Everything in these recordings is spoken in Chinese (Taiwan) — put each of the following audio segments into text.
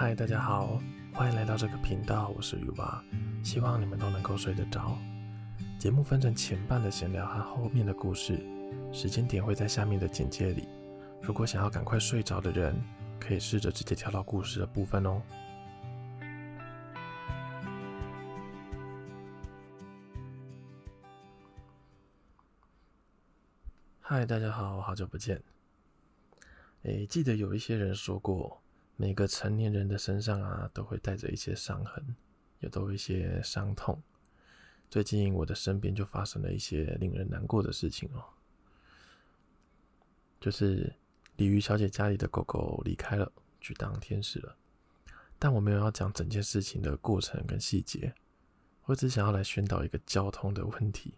嗨，Hi, 大家好，歡迎來到這個頻道，我是雨蛙，希望你們都能夠睡得着。節目分成前半的閒聊和後面的故事，時間點會在下面的簡介裡。如果想要趕快睡着的人，可以試着直接跳到故事的部分哦。嗨，大家好，好久不見。哎，記得有一些人說過。每個成年人的身上啊，都會帶着一些傷痕，也都有一些傷痛。最近我的身邊就發生了一些令人難過的事情哦、喔，就是鯉魚小姐家裡的狗狗離開了，去當天使了。但我沒有要講整件事情的過程跟細節，我只想要來宣導一個交通的問題。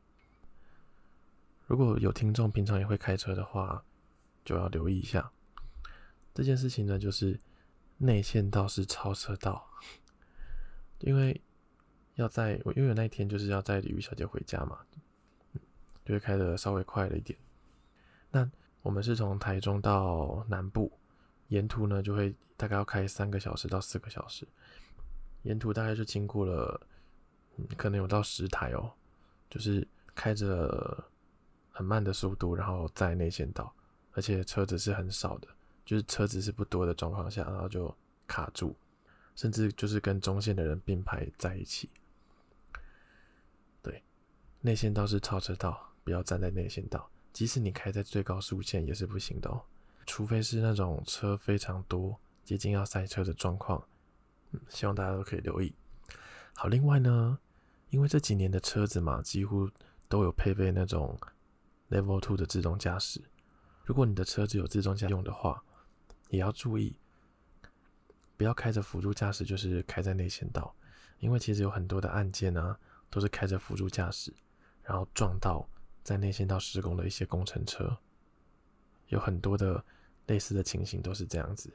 如果有聽眾平常也會開車的話，就要留意一下這件事情呢，就是。內線道是超車道，因為要在我因為那一天，就是要載鯉魚小姐回家嘛，就會開得稍微快了一點。那我們是從台中到南部，沿途呢就會大概要開三個小時到四個小時，沿途大概就經過了，嗯、可能有到十台哦，就是開着很慢的速度，然後在內線道，而且車子是很少的。就是車子是不多的狀況下，然後就卡住，甚至就是跟中線的人並排在一起。對，內線道是超車道，不要站在內線道，即使你開在最高速線也是不行的哦。除非是那種車非常多、接近要塞車的狀況。嗯，希望大家都可以留意。好，另外呢，因為這幾年的車子嘛，幾乎都有配備那種 Level Two 的自動駕駛。如果你的車子有自動駕駛用的話，也要注意，不要開着輔助駕駛，就是開在內線道，因為其實有很多的案件啊，都是開着輔助駕駛，然後撞到在內線道施工的一些工程車，有很多的類似的情形都是這樣子，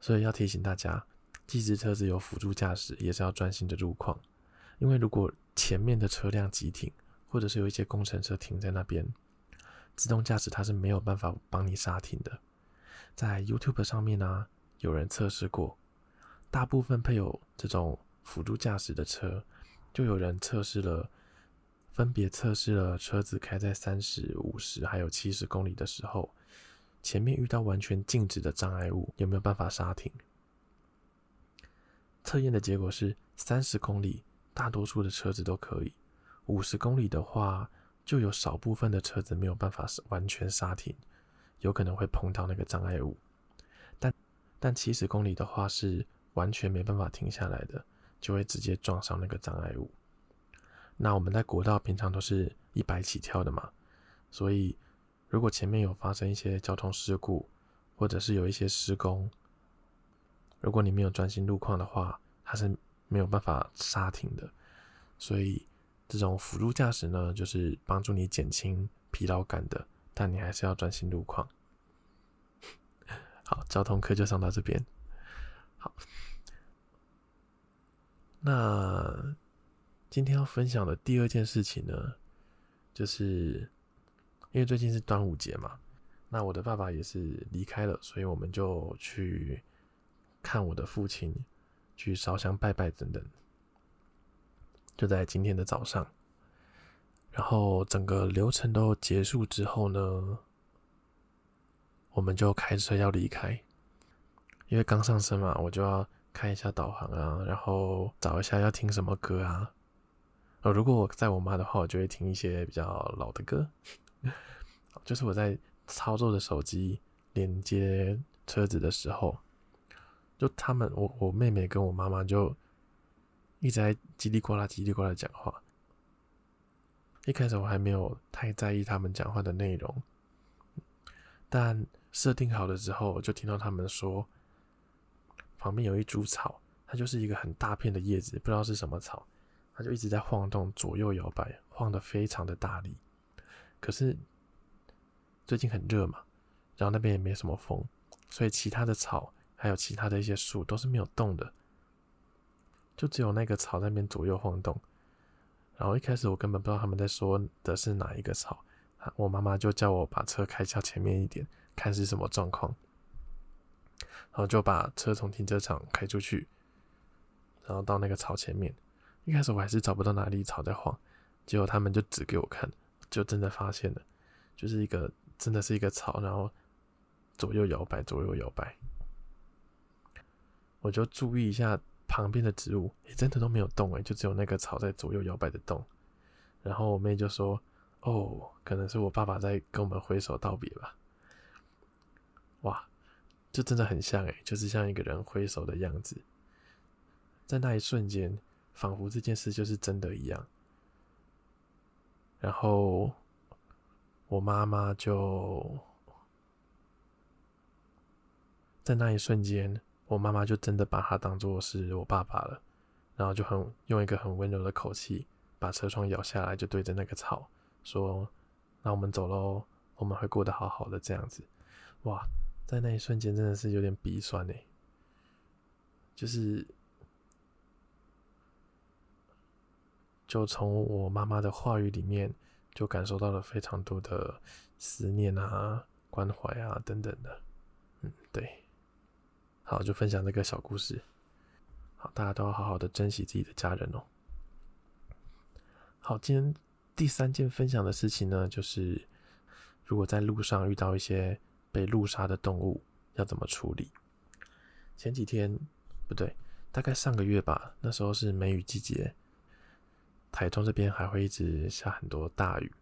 所以要提醒大家，即使車子有輔助駕駛，也是要專心的路況，因為如果前面的車輛急停，或者是有一些工程車停在那邊，自動駕駛它是沒有辦法幫你剎停的。在 YouTube 上面呢、啊，有人測試過，大部分配有這種輔助駕駛的車，就有人測試了，分別測試了車子開在三十、五十還有七十公里的時候，前面遇到完全靜止的障礙物，有沒有辦法剎停？測驗的結果是，三十公里，大多數的車子都可以，五十公里的話，就有少部分的車子沒有辦法完全剎停。有可能會碰到那個障礙物，但但七十公里的話是完全沒辦法停下來的，就會直接撞上那個障礙物。那我們在國道平常都是一百起跳的嘛，所以如果前面有發生一些交通事故，或者是有一些施工，如果你沒有專心路況的話，它是沒有辦法剎停的。所以這種輔助駕駛呢，就是幫助你減輕疲勞感的。但你還是要專心路況。 好，交通課就上到這邊。好，那今天要分享的第二件事情呢，就是因為最近是端午節嘛，那我的爸爸也是離開了，所以我們就去看我的父親，去燒香拜拜等等。就在今天的早上。然後整個流程都結束之後呢，我們就開車要離開，因為剛上車嘛，我就要看一下導航啊，然後找一下要聽什麼歌啊。呃，如果我載我媽的話，我就會聽一些比較老的歌。 就是我在操作著手機連接車子的時候，就他們我我妹妹跟我媽媽就一直在嘰裡呱啦嘰裡呱啦講話。一開始我還沒有太在意他們講話的內容，但設定好了之後，我就聽到他們說，旁邊有一株草，它就是一個很大片的葉子，不知道是什麼草，它就一直在晃動，左右搖擺，晃得非常的大力。可是最近很熱嘛，然後那邊也沒什麼風，所以其他的草還有其他的一些樹都是沒有動的，就只有那個草在那邊左右晃動。然後一開始我根本不知道他們在說的是哪一個草，我媽媽就叫我把車開向前面一點，看是什麼狀況。然後就把車從停車場開出去，然後到那個草前面。一開始我還是找不到哪裡草在晃，結果他們就指給我看，就真的發現了，就是一個真的是一個草，然後左右搖擺，左右搖擺。我就注意一下。旁邊的植物也、欸、真的都沒有動哎，就只有那個草在左右搖擺的動。然後我妹就說：“哦，可能是我爸爸在跟我們揮手道別吧。”哇，就真的很像哎，就是像一個人揮手的樣子。在那一瞬間，仿佛這件事就是真的一樣。然後我媽媽就在那一瞬間。我媽媽就真的把它當做是我爸爸了，然後就很用一個很溫柔的口氣，把車窗搖下來，就對着那個草說：“那我們走嘍，我們會過得好好的。”這樣子，哇，在那一瞬間真的是有點鼻酸呢。就是，就從我媽媽的話語裡面，就感受到了非常多的思念啊、關懷啊等等的。嗯，對。好，就分享這個小故事。好，大家都要好好的珍惜自己的家人哦。好，今天第三件分享的事情呢，就是如果在路上遇到一些被路殺的動物，要怎麼處理？前幾天不對，大概上個月吧，那時候是梅雨季節，台中這邊還會一直下很多大雨。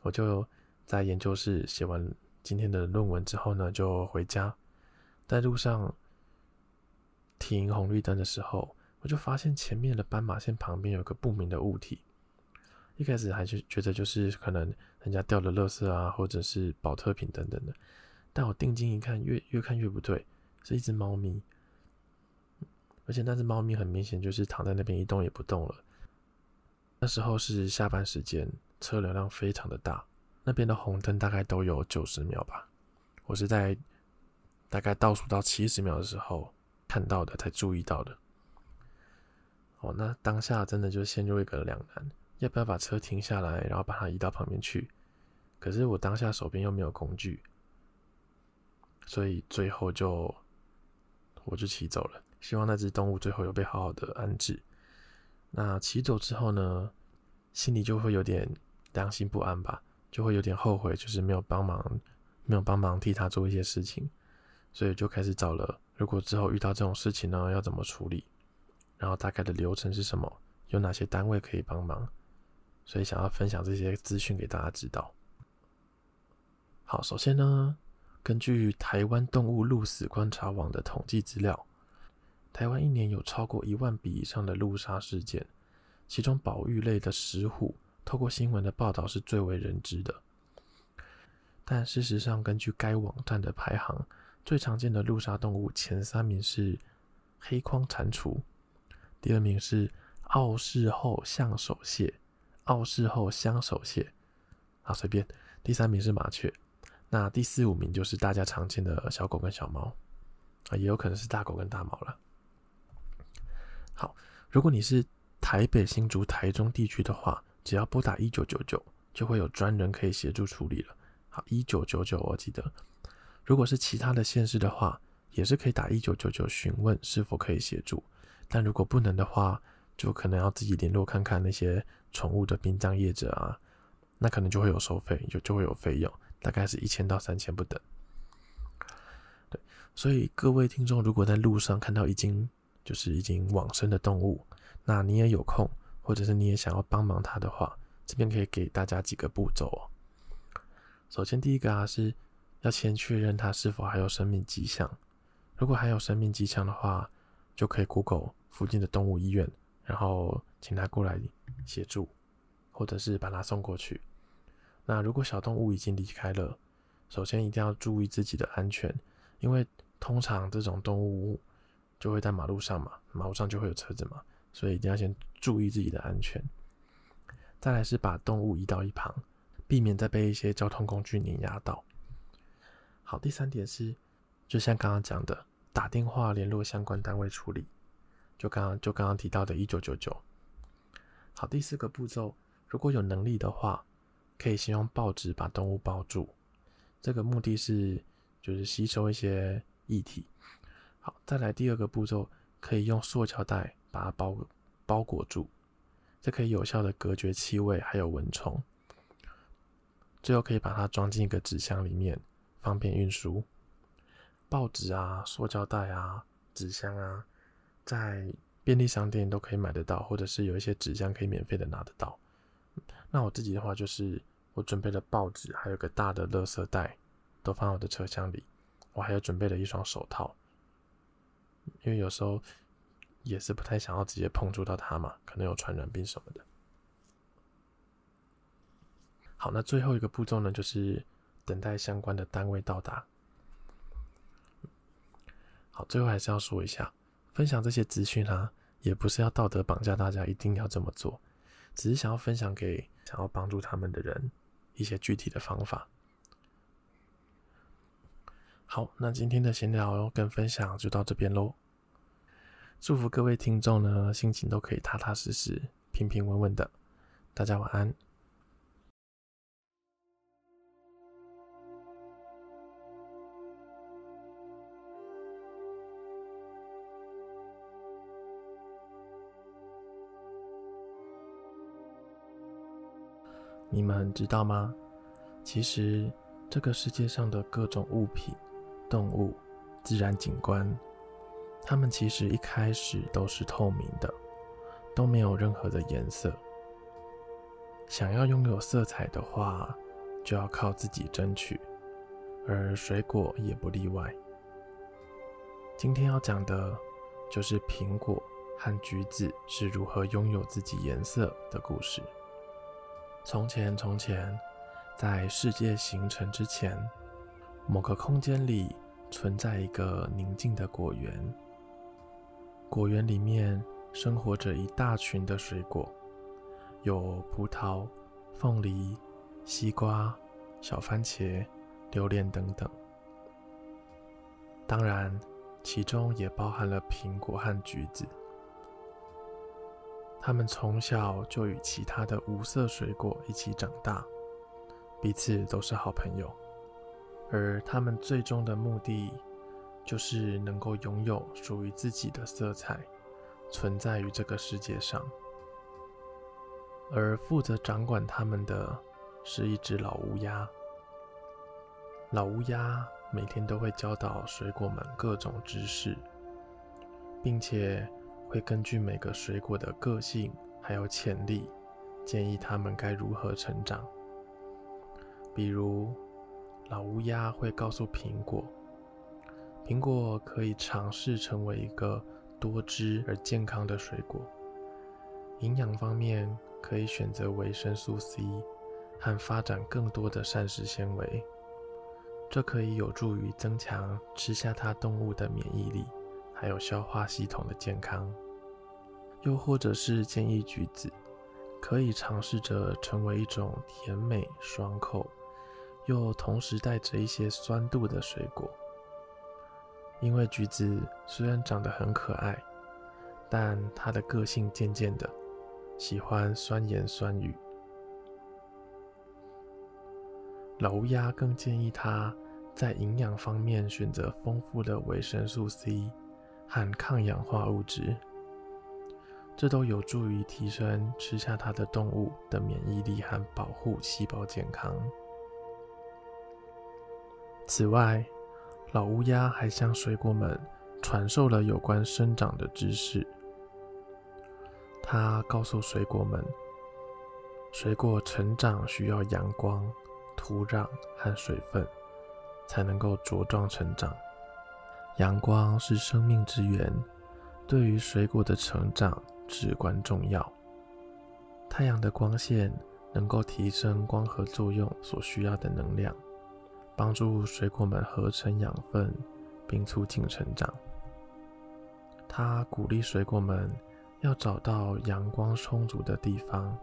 我就在研究室寫完今天的論文之後呢，就回家。在路上停紅綠燈的時候，我就發現前面的斑馬線旁邊有個不明的物體。一開始還是覺得就是可能人家掉了垃圾啊，或者是保特瓶等等的。但我定睛一看，越越看越不對，是一隻貓咪。而且那隻貓咪很明顯就是躺在那邊一動也不動了。那時候是下班時間，車流量非常的大，那邊的紅燈大概都有九十秒吧。我是在。大概倒數到七十秒的時候看到的，才注意到的。哦，那當下真的就陷入一個兩難：要不要把車停下來，然後把它移到旁邊去？可是我當下手邊又沒有工具，所以最後就我就騎走了。希望那隻動物最後有被好好的安置。那騎走之後呢，心裡就會有點良心不安吧，就會有點後悔，就是沒有幫忙，沒有幫忙替他做一些事情。所以就開始找了，如果之後遇到這種事情呢，要怎麼處理？然後大概的流程是什麼？有哪些單位可以幫忙？所以想要分享這些資訊給大家知道。好，首先呢，根據台灣動物路死觀察網的統計資料，台灣一年有超過一萬筆以上的路殺事件，其中保育類的石虎，透過新聞的報道是最為人知的。但事實上，根據該網站的排行。最常見的路殺動物前三名是黑眶蟾蜍，第二名是奧氏後相手蟹，奧氏後相手蟹，好，隨便，第三名是麻雀，那第四五名就是大家常見的小狗跟小貓，啊也有可能是大狗跟大貓了。好，如果你是台北、新竹、台中地區的話，只要撥打一九九九，就會有專人可以協助處理了。好，一九九九，我記得。如果是其他的縣市的話，也是可以打一九九九詢問是否可以協助，但如果不能的話，就可能要自己聯絡看看那些寵物的殯葬業者啊，那可能就會有收費，就，就會有費用，大概是一千到三千不等。對，所以各位聽眾，如果在路上看到已經就是已經往生的動物，那你也有空，或者是你也想要幫忙他的話，這邊可以給大家幾個步驟哦。首先，第一個啊是。要先確認它是否還有生命跡象。如果還有生命跡象的話，就可以 Google 附近的動物醫院，然後請它過來協助，或者是把它送過去。那如果小動物已經離開了，首先一定要注意自己的安全，因為通常這種動物就會在馬路上嘛，馬路上就會有車子嘛，所以一定要先注意自己的安全。再來是把動物移到一旁，避免再被一些交通工具碾壓到。好，第三點是，就像剛剛講的，打電話聯絡相關單位處理。就剛剛就剛剛提到的1999。好，第四個步驟，如果有能力的話，可以先用報紙把動物包住，這個目的是就是吸收一些液體。好，再來第二個步驟，可以用塑膠袋把它包包裹住，這可以有效的隔絕氣味還有蚊蟲。最後可以把它裝進一個紙箱裡面。方便運輸，報紙啊、塑膠袋啊、紙箱啊，在便利商店都可以買得到，或者是有一些紙箱可以免費的拿得到。那我自己的話，就是我準備了報紙，還有個大的垃圾袋，都放在我的車廂裡。我還有準備了一雙手套，因為有時候也是不太想要直接碰觸到它嘛，可能有傳染病什麼的。好，那最後一個步驟呢，就是。等待相關的單位到達。好，最後還是要說一下，分享這些資訊啊，也不是要道德綁架大家一定要這麼做，只是想要分享給想要幫助他們的人一些具體的方法。好，那今天的閒聊跟分享就到這邊嘍。祝福各位聽眾呢，心情都可以踏踏實實、平平穩穩的。大家晚安。你們知道嗎？其實這個世界上的各種物品、動物、自然景觀，它們其實一開始都是透明的，都沒有任何的顏色。想要擁有色彩的話，就要靠自己爭取，而水果也不例外。今天要講的就是蘋果和橘子是如何擁有自己顏色的故事。從前，從前，在世界形成之前，某個空間裡存在一個寧靜的果園。果園裡面生活着一大群的水果，有葡萄、鳳梨、西瓜、小番茄、榴蓮等等。當然，其中也包含了蘋果和橘子。他們從小就與其他的無色水果一起長大，彼此都是好朋友。而他們最終的目的，就是能夠擁有屬於自己的色彩，存在於這個世界上。而負責掌管他們的，是一隻老烏鴉。老烏鴉每天都會教導水果們各種知識，並且。會根據每個水果的個性還有潛力，建議它們該如何成長。比如，老烏鴉會告訴蘋果：蘋果可以嘗試成為一個多汁而健康的水果，營養方面可以選擇維生素 C 和發展更多的膳食纖維，這可以有助於增強吃下它動物的免疫力。還有消化系統的健康，又或者是建議橘子可以嘗試着成為一種甜美爽口，又同時帶着一些酸度的水果。因為橘子雖然長得很可愛，但它的個性漸漸的喜歡酸言酸語。老烏鴉更建議它在營養方面選擇豐富的維生素 C。和抗氧化物質，這都有助於提升吃下它的動物的免疫力和保護細胞健康。此外，老烏鴉還向水果們傳授了有關生長的知識。他告訴水果們，水果成長需要陽光、土壤和水分，才能夠茁壯成長。陽光是生命之源，對於水果的成長至關重要。太陽的光線能夠提升光合作用所需要的能量，幫助水果們合成養分，並促進成長。它鼓勵水果們要找到陽光充足的地方，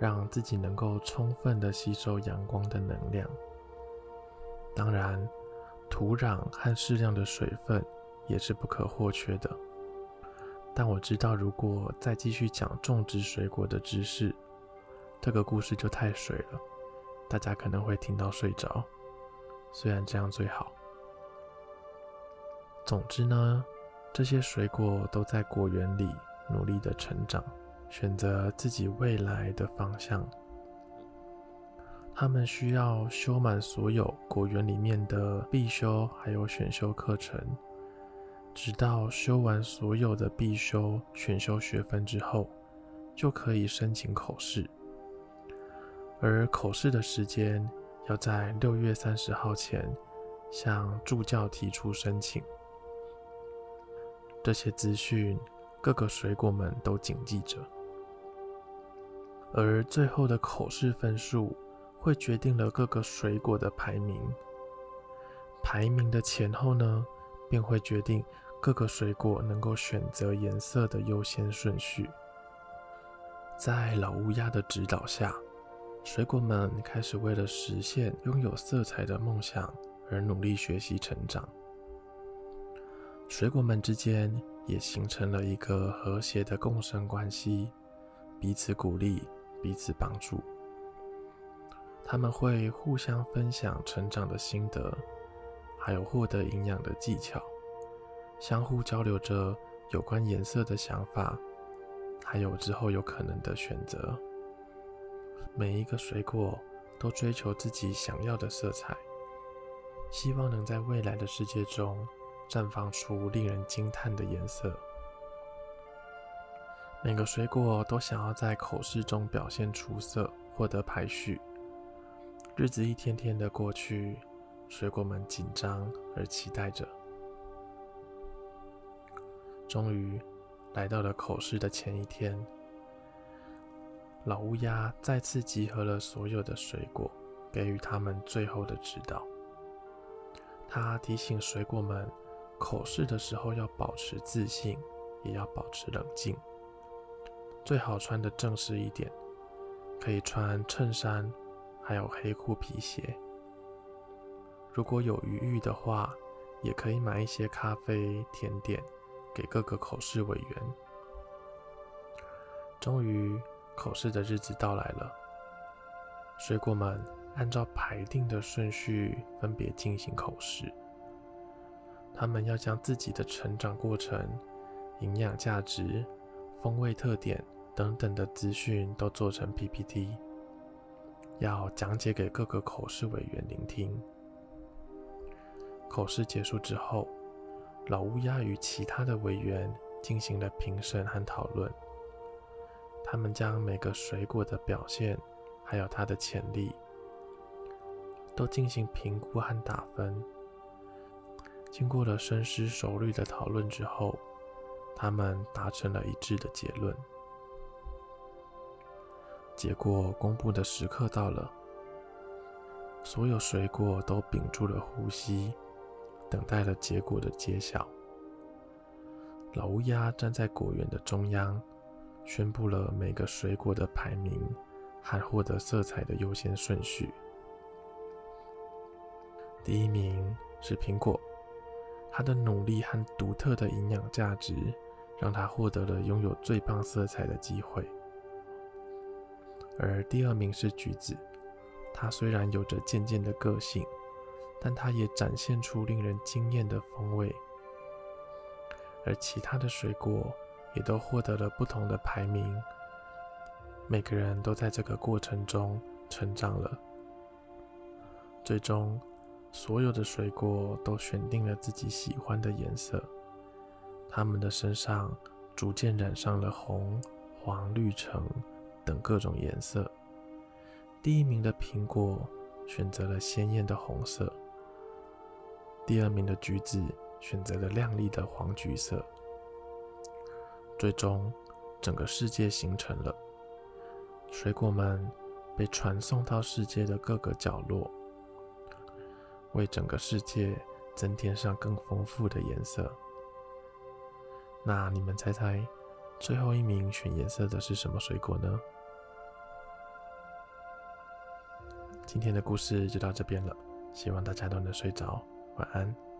讓自己能夠充分地吸收陽光的能量。當然，土壤和適量的水分也是不可或缺的。但我知道，如果再繼續講種植水果的知識，這個故事就太水了，大家可能會聽到睡着。雖然這樣最好。總之呢，這些水果都在果園裡努力地成長，選擇自己未來的方向。他們需要修滿所有果園裡面的必修，還有選修課程，直到修完所有的必修、選修學分之後，就可以申請口試。而口試的時間要在六月三十號前向助教提出申請。這些資訊，各個水果們都謹記着。而最後的口試分數，會決定了各個水果的排名，排名的前後呢，便會決定各個水果能夠選擇顏色的優先順序。在老烏鴉的指導下，水果們開始為了實現擁有色彩的夢想而努力學習成長。水果們之間也形成了一個和諧的共生關係，彼此鼓勵，彼此幫助。他們會互相分享成長的心得，還有獲得營養的技巧，相互交流着有關顏色的想法，還有之後有可能的選擇。每一個水果都追求自己想要的色彩，希望能在未來的世界中綻放出令人驚嘆的顏色。每個水果都想要在口試中表現出色，獲得排序。日子一天天的過去，水果們緊張而期待着。終於來到了口試的前一天，老烏鴉再次集合了所有的水果，給予他們最後的指導。他提醒水果們，口試的時候要保持自信，也要保持冷靜，最好穿得正式一點，可以穿襯衫。還有黑褲皮鞋。如果有餘裕的話，也可以買一些咖啡、甜點給各個口試委員。終於，口試的日子到來了。水果們按照排定的順序分別進行口試，他們要將自己的成長過程、營養價值、風味特點等等的資訊都做成 PPT。要講解給各個口試委員聆聽。口試結束之後，老烏鴉與其他的委員進行了評審和討論。他們將每個水果的表現，還有它的潛力，都進行評估和打分。經過了深思熟慮的討論之後，他們達成了一致的結論。結果公布的時刻到了，所有水果都屏住了呼吸，等待着結果的揭曉。老烏鴉站在果園的中央，宣布了每個水果的排名和獲得色彩的優先順序。第一名是蘋果，它的努力和獨特的營養價值，讓它獲得了擁有最棒色彩的機會。而第二名是橘子，它雖然有着漸漸的個性，但它也展現出令人驚豔的風味。而其他的水果也都獲得了不同的排名，每個人都在這個過程中成長了。最終，所有的水果都選定了自己喜歡的顏色，它們的身上逐漸染上了紅、黃、綠、橙。等各種顏色，第一名的蘋果選擇了鮮豔的紅色，第二名的橘子選擇了亮麗的黃橘色。最終，整個世界形成了，水果們被傳送到世界的各個角落，為整個世界增添上更豐富的顏色。那你們猜猜？最後一名選顏色的是什麼水果呢？今天的故事就到這邊了，希望大家都能睡着，晚安。